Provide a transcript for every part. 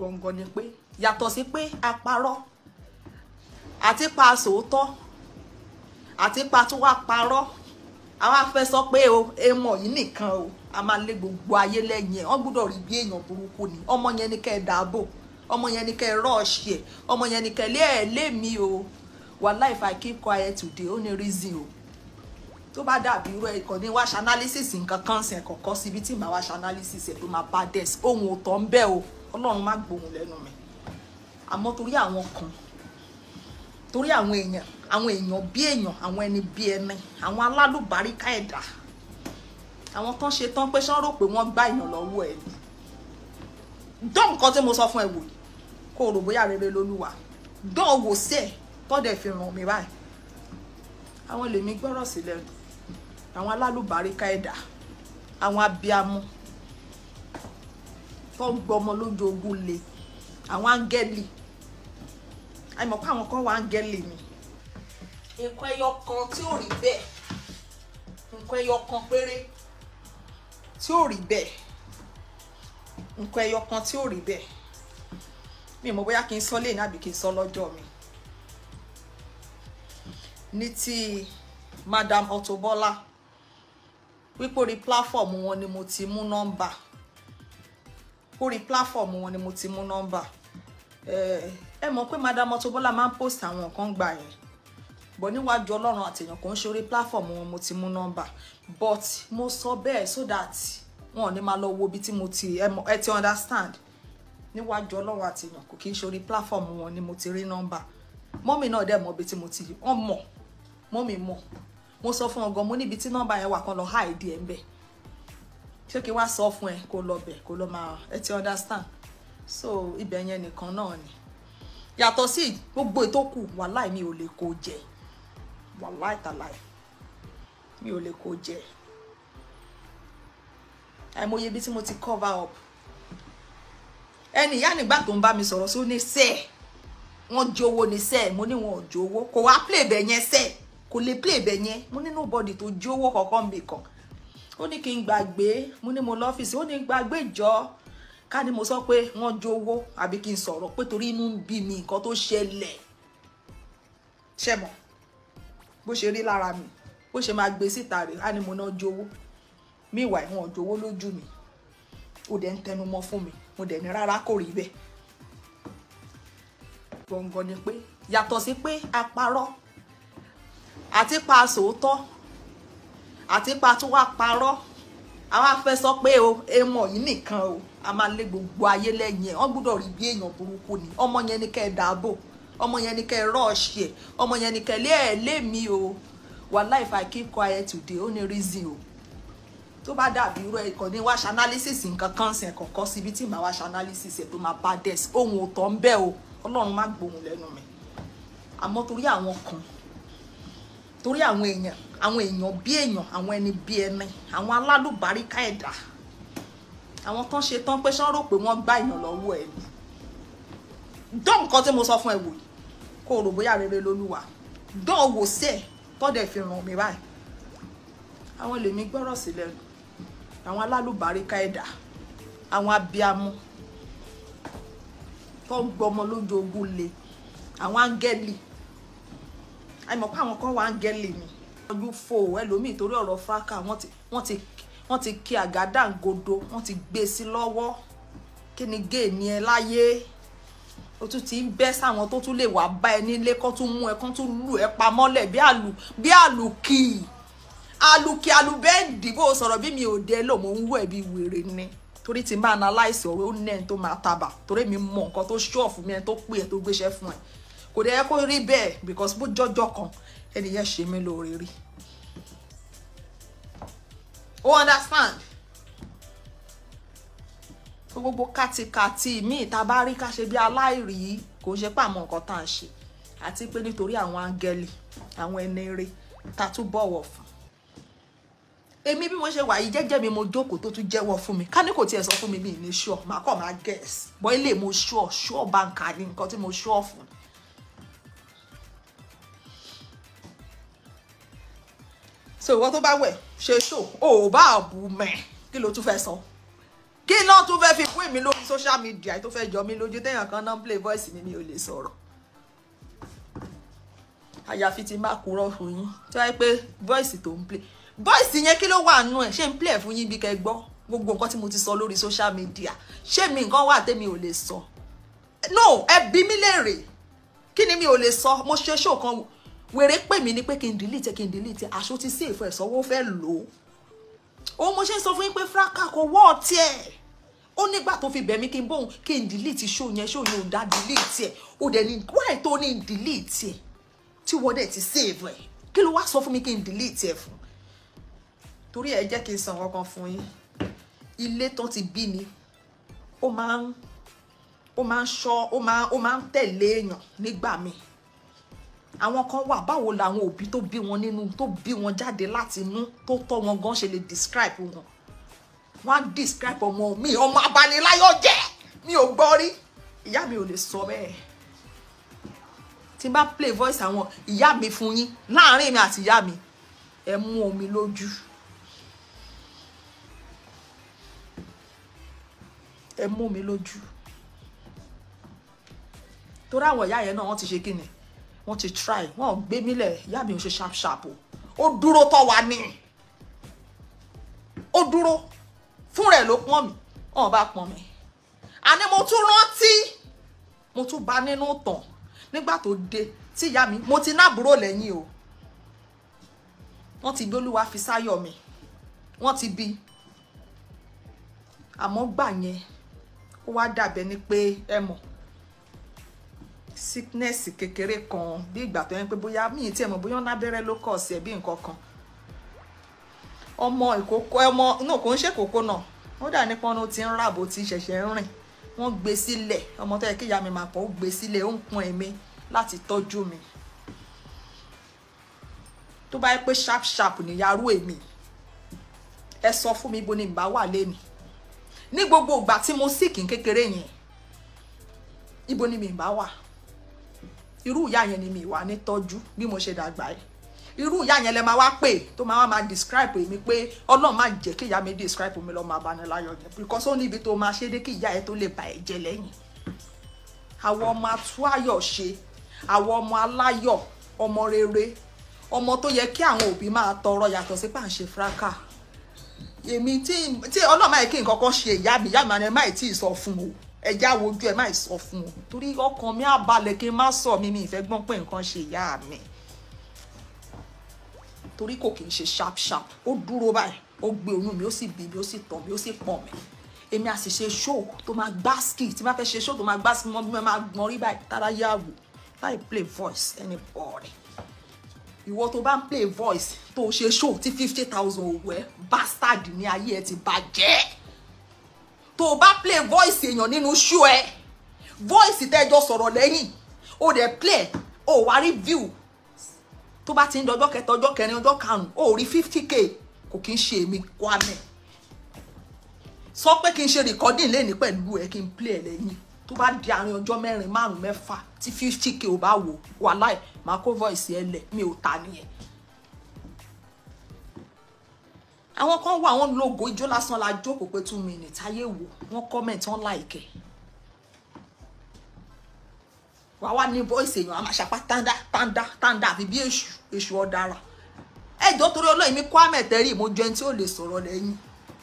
gbọ̀ngàn ni pé yàtọ̀ sí pé a parọ́ àti pa sòótọ́ àti pa tó wá parọ́ àwa fẹ́ sọ pé o èèmọ̀ yìí nìkan o a máa lé gbogbo ayé lẹ́yìn ẹ̀ wọ́n gbúdọ̀ rí bí èèyàn burúkú ni ọmọ yẹn ni kẹ́ ẹ dáàbò ọmọ yẹn ni kẹ́ ẹ rọ́ọ̀ṣì ẹ̀ ọmọ yẹn ni kẹ́ ẹ lé ẹ̀ lé mi o wàhálà if I keep quiet today ó ní reason o tó bá dàbí irú ẹ̀ kàn ní wáṣọ analysis nǹkan kan sẹ̀ kọ̀ọ̀kan síbi tí màá wáṣọ analysis ẹ̀ ló máa bá desk ohun ò tán bẹ́ẹ̀ o ọlọ́run má gbóhùn lẹ́nu mi àmọ́ torí àwọn kan torí àwọn èèyàn àwọn èèyàn bí èèyàn àwọn ẹni bí ẹni àwọn alálùbáríkà ẹ̀dá àwọn kan ṣe tán pé ṣán rò pé wọ́n gbá èèyàn lọ́wọ́ ẹ̀ dán nǹkan tí mo sọ fún ẹ wò kó o rò bóyá rere lolúwa dán wò sí ẹ tọ́dẹ̀ fi ràn mí báyìí àwọn lèmi gbọ́rọ̀ sílẹ̀ àwọn alálùbáríkà ẹ̀dá àwọn abiyamọ tó ń gbọmọ lójú ogun le àwọn áńgẹ́lì àìmọ̀ pé àwọn kan wà áńgẹ́lì ni. nǹkan ẹyọ kan tí ò rí bẹ́ẹ̀ nǹkan ẹyọ kan péré tí ò rí bẹ́ẹ̀ nǹkan ẹyọ kan tí ò rí bẹ́ẹ̀ mi mọ̀ bóyá kí n sọ léèní àbí kí n sọ lọ́jọ́ mi ní ti madam Auto Bola wípé orí pláfọ̀mù wọn ni mo ti mú nọ́mbà. No orí platform wọn ni mo ti mú nọ́mbà eh, ẹ mọ̀ pé madam Auto Bola máa ń post àwọn nǹkan gbà yẹn bọ̀ níwájú ọlọ́run àtèèyàn kò ń ṣe orí platform wọn mo ti mú nọ́mbà but mo sọ bẹ́ẹ̀ so that wọn ò ní máa lọ wo ibi tí mo ti ẹ ti understand níwájú ọlọ́run àtèèyàn kò kí ń ṣe orí platform wọn ni mo ti rí nọ́mbà mọ́mì náà dẹ̀ mọ̀ ibi tí mo ti wọ́n mọ̀ mọ́mì mọ̀ mo sọ fún ọgọ́ mo níbi tí nọ́mbà yẹn wà kan lọ háìdí ẹ̀ ń bẹ́ẹ̀ ṣé kí wá sọ fún ẹ kó lọ bẹ kó lọ máa ẹ ti understand so ibẹ̀ yẹn nìkan náà ni yàtọ̀ sí gbogbo ètò kù wàláì mi ò lè kó jẹ wàláì tàláì mi ò lè kó jẹ àìmọye ibi tí mo ti cover up ẹni ìyá nígbà tó ń bá mi sọ̀rọ̀ sí ó ní sẹ́ẹ̀ wọ́n jowó ní sẹ́ẹ̀ mo ní wọn ò jowó kò wá play bẹ̀ yẹn sẹ́ẹ̀ kò lè play bẹ̀ yẹn mo ní nobody tó jowó kankan bì kan ó ní kí n gbàgbé mo ní mo lọ́fíìsì ó ní gbàgbé jọ ká ní mo sọ pé wọ́n jowó àbí kí n sọ̀rọ̀ pé torí inú ń bí mi nǹkan tó ṣẹlẹ̀ ṣẹ̀mọ̀ bó ṣe rí lára mi bó ṣe máa gbé síta rè á ní mo náà jowó míwàá ìwọ̀n jowó lójú mi ó dẹ̀ ń tẹnu mọ́ fún mi mo dẹ̀ ní rárá kò rí bẹ́ẹ̀ gbọ̀ngàn ni pé yàtọ̀ sí pé a parọ́ àti pa àsòótọ́ àti pa tó wá parọ́ àwa fẹ́ sọ pé o èèmọ̀ yìí nìkan o a máa lé gbogbo ayé lẹ́yìn ẹ̀ wọ́n gbúdọ̀ rí bí èèyàn burúkú ni ọmọ yẹn ni kẹ́ ẹ dáàbò ọmọ yẹn ni kẹ́ ẹ rọ́ọ̀ṣì ẹ̀ ọmọ yẹn ni kẹ́ ẹ lé ẹ̀ lé mi o wàhálà if I keep quiet today only reason o tó bá dàbí irú ẹ̀ kàn ní wá ṣe analysis nǹkan kan sìn kọ̀ọ̀kan síbi tí màá wá ṣe analysis ẹ̀ tó máa bá dẹ̀ ohun òótọ́ ń bẹ o ọlọ́run má gbóhùn lẹ́nu mi àmọ́ torí àwọn kan torí àwọn èèyàn àwọn èèyàn bí èèyàn àwọn ẹni bí ẹni àwọn alálùbáríkà ẹ̀dá àwọn tán ṣe tán pé ṣán rò pé wọ́n gbá èèyàn lọ́wọ́ ẹ̀ ni dán nǹkan tí mo sọ fún ẹ wò kó o rò bóyá rere lolúwa dán wò sí ẹ tọ́dẹ̀ fi ràn mí báyìí àwọn lèmi gbọ́rọ̀ sí lẹ́nu àwọn alálùbáríkà ẹ̀dá àwọn abiamọ tó ń gbọmọ lójoogun le àwọn áńgẹ́lì àìmọ̀ pé àwọn kan wà ń gẹ́lì mi. ojú fo ẹlòmíì torí ọ̀rọ̀ fáká wọ́n ti kí àgádágodo wọ́n ti gbé e sí lọ́wọ́ kí ni géè ní ẹ láyé o tún ti ń bẹ́ sáwọn tó tún lè wá bá ẹ nílé kán tún mú ẹ kán tún lù ẹ pamọ́lẹ̀ bí àlù bí àlùkì àlùkì àlùbẹ́ǹdì bó o sọ̀rọ̀ bí mi ò dé lò mo ń wú ẹ bí wèrè ni torí ti máa analyse ọ̀rẹ́ ó ní ẹni tó máa tabà torí mi mọ nǹkan tó ṣọ́ọ̀fù mi ẹni tó pè ẹ tó gbéṣẹ́ fún ẹ kò dẹ̀ yẹ kó rí bẹ́ẹ̀ because bó jọjọ kan ẹni yẹn ṣe mí lóore rí o understand gbogbo kátikàti míì tá a bá rí ká ṣe bí aláìrí kò ṣe pé àmọ́ nǹkan tá à ń ṣe àti pé nítorí àwọn áńgẹ́lì àwọn ẹni eré tá a tún bọ̀wọ̀ fún èmi bí mo ṣe wà yìí jẹ́jẹ́ mi mo jókòó tó tún jẹ́wọ́ fún mi ká ní kò tiẹ̀ sọ fún mi mi ní sure màá kọ̀ máa guess bọ́ ilé mo sure sure báńkà ni nǹkan tí mo sure fún so ìwọ tó bá wẹ̀ ṣe ṣò ò bá bù mẹ́ kí ló tún fẹ́ sọ kí náà tún fẹ́ fi kún èmi lórí social media tó fẹ́ jọ mí lójú téèyàn kan náà ń play voice mi mi ò lè sọ̀rọ̀ àyàfi ti má kúrọ̀ fún yín tó wáyé pé voice tó ń play voice yẹn kí ló wà nù ẹ̀ ṣé ń play fún yín bí kẹ́ gbọ́ gbogbo nǹkan tí mo ti sọ lórí social media ṣé mi nǹkan wà tẹ́mi ò lè sọ no ẹ bí mi léèrè kí ni mi ò lè sọ mo ṣe ṣó kan wò wèrè pè mí ni pé kí n delete kí n delete aṣọ ti save ẹ̀ sọ́wọ́ fẹ́ lò ó òun mo ṣe ń sọ fún yín pé fraka kò wọ́ ọtí ẹ̀ ó nígbà tó fi bẹ̀mí kí n bóun kí n delete show yẹn show yẹn ò dá delete ẹ̀ ó dẹ̀ ní wáyé tó ní delete ẹ̀ tí wọ́n dẹ̀ ti save ẹ̀ kí ló wá sọ fún mi kí n delete ẹ̀ fún torí ẹ jẹ́ kí n sàn kankan fún yín ilé tán ti bí mi ó máa ń ó máa ń ṣọ́ ó máa ń tẹ̀lé èèyàn nígbà míì àwọn kan wà báwo làwọn òbí tó bí wọn nínú tó bí wọn jáde láti inú tó tọ́ wọn gan ṣe lè describe wọn wọ́n á describe ọmọ mi ọmọ abániláyọ̀ jẹ́ mi ò gbọ́ rí ìyá mi ò lè sọ bẹ́ẹ̀ tí n bá play voice àwọn ìyá mi fún yín láàrin mi àti ìyá mi ẹ mú omi lójú ẹ mú mi lójú torí àwọn ìyá yẹn náà wọ́n ti ṣe kí ni wọ́n ti try wọ́n ò gbé mi lẹ̀ ìyá mi ò ṣe sharp sharp o ó dúró tọ́ wa ní ó dúró fún rẹ̀ ló pọ́n mi wọ́n bá pọ́n mi àní mo tún rántí mo tún bá nínú tàn nígbà tó dé tí ìyá mi mo ti nábùrò lẹ́yìn o wọ́n ti bí olúwa fi sáyọ̀ mi wọ́n ti bí àmọ́ gbà yẹn ó wá dàbẹ̀ ni pé ẹ mọ̀ sickness kékeré kan bí ìgbà tó yẹn pé bóyá míì tí ẹ mọ̀ bóyá lábẹ́rẹ́ ló kọ̀ sí ẹ bí nǹkan kan ọmọ ìkókó ọmọ náà kò ń ṣe kókó náà ó dà nípa ọ̀nà tí ń rà bó ti ṣẹ̀ṣẹ̀ ń rìn wọ́n gbé sílẹ̀ ọmọ tó yẹ kí ìyá mi máa pọ̀ ó gbé sílẹ̀ ó ń pọn ẹ̀mí láti tọ́jú mi tó bá yẹ pé sharp sharp níyàrú èmi ẹ sọ fún mi bo ni bá wà lẹ́nu ní gbogbo ìgbà tí mo sì kí kékeré yẹn ibo ni mi bá wà irú ìyá yẹn ni mi wà ní tọ́jú bí mo ṣe dàgbà yìí irú ìyá yẹn lẹ máa wá pè tó máa wá máa describe èmi pé ọlọ́run máa jẹ́ kí ìyá mi describe mi lọ́mọ abániláyọ̀ jẹ́ because ó ní ibi tó máa ṣe dé kí ìyá ẹ tó lè bà ẹ́ jẹ́ lẹ́yìn àwọn ọmọ atúwáyọ̀ ṣe àwọn ọmọ aláyọ̀ ọmọ rere ọmọ tó yẹ kí àwọn òbí máa tọrọ yàtọ̀ sí pàǹṣẹ fúráká èmi tí ọlọ́run máa kí nǹkan kan ṣe ìyá mi ìyá mi àná máa ẹja wojú ẹ má sọ fún o torí ọkàn mi á balẹ̀ kí n má sọ mi mi ìfẹ́ gbọ́n pé nǹkan ṣe ìyá mi torí kò kì í ṣe sharp sharp ó dúró báyìí ó gbé oyún mi ó sì bí mi ó sì tọ̀ mi ó sì pọ̀ mi èmi àti ṣe show tó máa gbásìkì tí máa fẹ́ ṣe show tó máa gbásìkì mọ́ bí mo máa gbọ́n rí báyìí tára yá wò láì play voice ẹni pọ̀ rẹ̀ ìwọ tó bá ń play voice tó ṣe show tí fifty thousand owó ẹ bastard ní ayé ẹ ti bàjẹ́ tó bá play voice èèyàn nínú ṣú ẹ voice tẹjọ sọ̀rọ̀ lẹ́yìn ó dẹ̀ play ó wá rí view tó bá ti ń dọjọ́ kẹta ọjọ́ kẹrin ọjọ́ karùn-ún rí fifty k kò kí ń ṣe èmi Kwame sọ pé kí n ṣe recording lẹ́ni pẹ̀lú ẹ kí n play ẹ lẹ́yìn tó bá di àárín ọjọ́ mẹ́rin márùn-ún mẹ́fà tí fifty k ò bá wò wàláì máa kó voice ẹ lẹ̀ mi ò ta nìyẹn àwọn kan wà wọn lógo ijó lásán la jókòó pé two minutes ayé wò wọn comment wọn like wàá wà ní voice èèyàn a máa ṣapá tanda tanda tanda àfi bí èṣù èṣù ọ̀daràn ẹ̀jọ́ torí ọlọ́run mi kọ́ àmẹ̀tẹ́rì mo jẹun tí ò lè sọ̀rọ̀ lẹ́yìn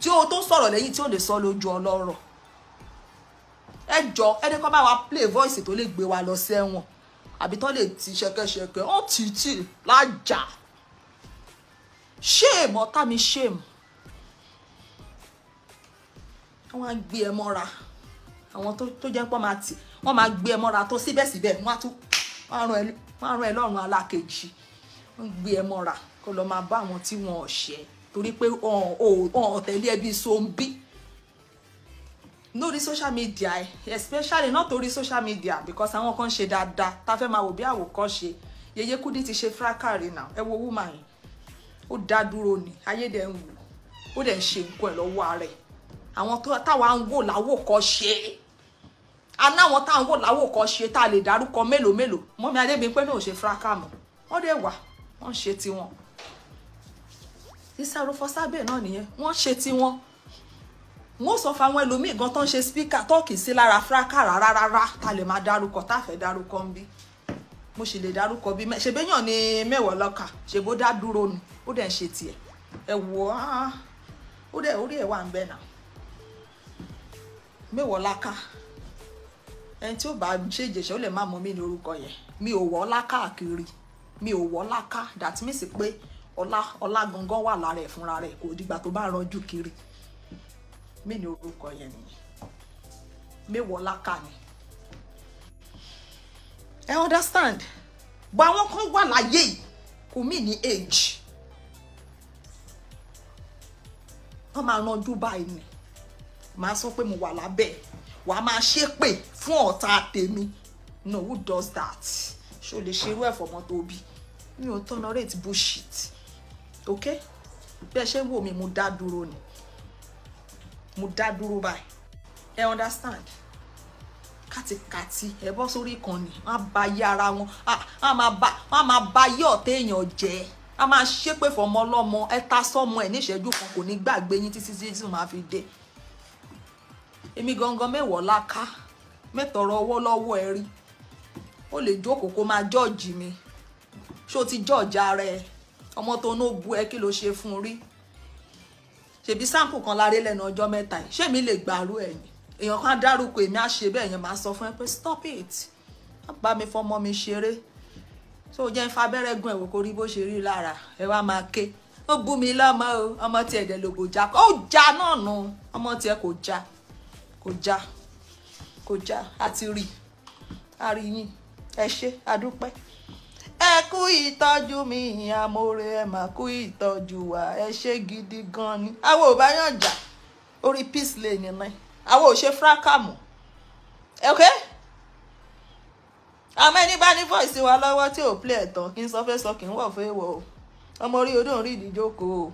tí o tó sọ̀rọ̀ lẹ́yìn tí ò lè sọ lójú ọlọ́rọ̀ ẹ̀jọ́ ẹni kan bá wa play voice tó lè gbé wa lọ sẹ́wọ̀n àbí tó lè ti ṣẹkẹṣẹkẹ ó tì í tì lájà shame ọ̀tá mi shame wọ́n á gbé ẹ mọ́ra àwọn tó jẹ́ pọ́n máa tì wọ́n máa gbé ẹ mọ́ra tó síbẹ̀síbẹ̀ wọ́n á tún wọ́n á rán ẹ lọ́rùn alákejì wọ́n gbé ẹ mọ́ra kó lọ máa bá àwọn tí wọ́n ṣẹ̀ torí pé ọ̀tẹ̀lé ẹbí so ń bí lórí social media especially not torí social media because àwọn kan ṣe dáadáa tá a fẹ́ máa wò bí àwòkọ́ṣe Yèyé Kúdí ti ṣe fúrákàrí náà ẹ wo woman yìí ó dá dúró ni ayé dẹ̀ ń wù ó dẹ̀ ń ṣe nǹkan ẹ̀ lọ́wọ́ ara ẹ̀ àwọn táwa ń wò láwòkọ́ṣe aláwọn táwa ń wò láwòkọ́ṣe tá a lè dárúkọ mélòó mélòó mọ́mí adébíyí pé náà ò ṣe fúráká mọ́ wọ́n dẹ̀ wà wọ́n ṣe tiwọn ìsàròfọ́sábẹ̀ náà nìyẹn wọ́n ṣe tiwọn wọ́n sọ fáwọn ẹlòmíì gan tó ń ṣe spíkà tọ́ọ̀kì sí lára fúráká rárá rárá tá a lè máa dárúkọ tá a fẹ́ dárúkọ ń bí mo sì lè dárúkọ bí ṣèbéyàn ni mẹ́wàá lọ́kà ṣèbó dá dúró ni ó dẹ̀ ń ṣe tiẹ̀ ẹ wò ó ó dẹ̀ orí ẹ̀ wà ń bẹ̀ nà mẹ́wàá láká ẹni tí ó bá ṣe ìjẹ̀ṣẹ̀ ó lè má mọ mí ní orúkọ yẹn mi ò wọ́ láká àkiri mi ò wọ́ láká that means pé ọlá ọlá gangan wà lára ẹ̀ fúnra rẹ̀ kò dìgbà tó bá ranjú kiri mí ní orúkọ yẹn nìyẹn mẹ́wàá láká ni I understand but àwọn kan wà láyé yìí kò mí ní age wọ́n máa ran Dubai ni màá sọ pé mo wà lábẹ́ wàá máa ṣépè fún ọ̀tá tèmi no who does that ṣó lè ṣerú ẹ̀ fọmọ tó bí mi ò tolerate bullshit ok bí ẹ ṣe ń wò mí mo dá dúró ni mo dá dúró báyìí ẹ understand kàtìkàtì ẹbọ sórí ìkànnì wọn á ba yé ara wọn wọn máa ba yé ọ̀tẹ̀ èèyàn jẹ́ a máa ṣépè fọmọ ọlọ́mọ ẹ ta sọ́mọ ẹ̀ níṣẹ́jú kan kò ní gbàgbé yín títí tí tí màá fi dé èmi gangan mẹ́wọ̀ọ́ láká mẹ́tọ̀rọ̀ ọwọ́ lọ́wọ́ ẹ rí ó lè jókòó kó máa jọ́ọ̀jì mi ṣó ti jọ́ọ̀jì ara ẹ ọmọ tó ní ó bu ẹ kí ló ṣe fún un rí ṣèbí sáǹpù kan láré lẹ́nu ọjọ́ mẹ́ta yìí ṣé mi lè gbàrú ẹ̀yìn èèyàn kan dárúkọ èmi á ṣe bẹ́ẹ̀ yẹn máa sọ fún ẹ pé stop it má bá mi fọmọ mi ṣeré tó jẹ́ ń fabẹ́rẹ́ gun ẹ̀wò kó rí bó ṣe rí lára ẹ wá máa ké ó bú mi lọ́mọ o ọmọ tiẹ̀ dẹ̀ lògbò já ó já náà nù ọmọ tiẹ̀ kò já kò já kò já àti rí a rí yín ẹ ṣé adúpẹ́ ẹ kú ìtọ́jú mi ìyìn amóore ẹ mà kú ìtọ́jú wa ẹ ṣé gidi gan ni àwọn ò bá yàn jà orí peace lane náà àwọn ò ṣe fúrákàmù ok àmọ́ ẹni bá ní voice wa lọ́wọ́ tí ò play ẹ̀tàn kí n sọ fẹ́ sọ kí n wọ̀ fẹ́ wọ̀ o ọmọ orí odò ń rí ìdíjókòó o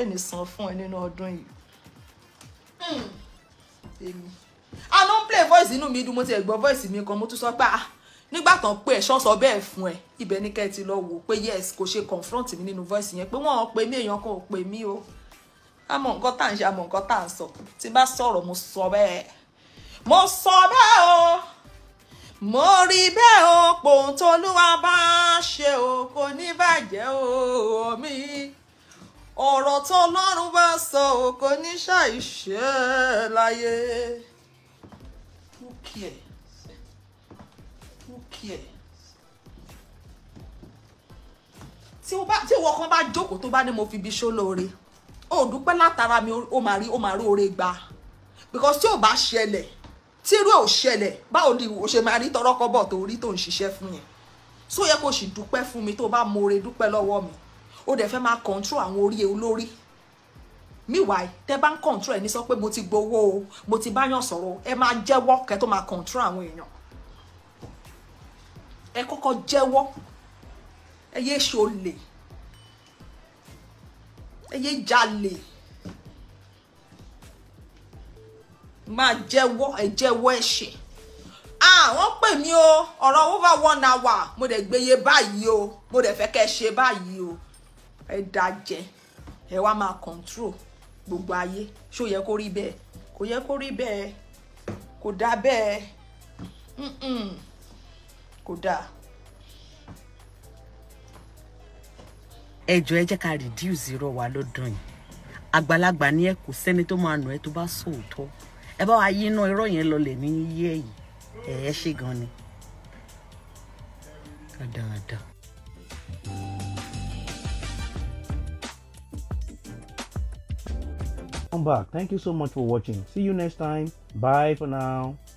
èmi san fún ẹ nínú ọdún yìí hmm. èmi a ló ń play voice inú mi dùn mo ti ẹ̀ gbọ́ voice mi kan mo tún sọ pé ah nígbà tán pé ẹ̀ ṣọ́sọ bẹ́ẹ̀ fún ẹ ibẹ̀ ni kẹ́ ẹ ti lọ wò pé yes kò ṣe confront mi nínú voice yẹn pé wọ́n pè mí èèyàn kan ò pè mí o a mọ nǹkan tá à ń ṣe a mọ nǹkan tá à ń sọ tí bá sọ̀rọ̀ mo sọ bẹ́ẹ̀ mo sọ bẹ́ẹ̀ o mo rí bẹ́ẹ̀ o pòun tolúwa bá ṣe o kò ní bàjẹ́ o mi ọ̀rọ̀ tọ́lọ́run bá sọ o kò ní ṣàìṣe láyé tí wọ́n kan bá jókòó tó bá ní mo fi ibi ṣó lóore o dúpẹ́ látara mi o máa rí o máa rí oore gbà because tí o bá ṣẹlẹ̀ tí irú ẹ̀ ò ṣẹlẹ̀ báwo ni o ṣe máa rí tọrọkọ́bọ̀ tó rí tó ń ṣiṣẹ́ fún yẹn so yẹ kó sì dúpẹ́ fún mi tó bá moore dúpẹ́ lọ́wọ́ mi o dẹ̀ fẹ́ máa control àwọn orí olórí meanwhile tẹ́ bá ń control ẹni sọ pé mo ti gbowó o mo ti báyàn sọ̀rọ̀ ẹ máa jẹ́wọ́ kẹ́ tó máa control àwọn èèyàn ẹ kọ́kọ́ jẹ́wọ́ ẹ yéé ṣe olè ẹyẹ jalè máa jẹ́wọ́ ẹ jẹ́wọ́ ẹ̀ṣẹ̀ àwọn pè mí o ọ̀rọ̀ over one hour mo dẹ̀ gbéye báyìí o mo dẹ̀ fẹ́ kẹ́ ẹ ṣe báyìí o ẹ dájẹ ẹ wá máa control gbogbo ayé ṣó yẹ kó rí bẹ́ẹ̀ kò yẹ kó rí bẹ́ẹ̀ kò dá bẹ́ẹ̀ kò dáa. ẹjọ ẹ ká reduce irọ́ wa lọ́dún yìí àgbàlagbà ni ẹ kò sẹ́ni tó máa nù ẹ tó bá sòótọ́ ẹ bá wa yíná irọ́ yẹn lọlẹ̀ ní yíyẹ yìí ẹ ẹ ṣe gan ni. Come back. Thank you so much for watching. See you next time. Bye for now.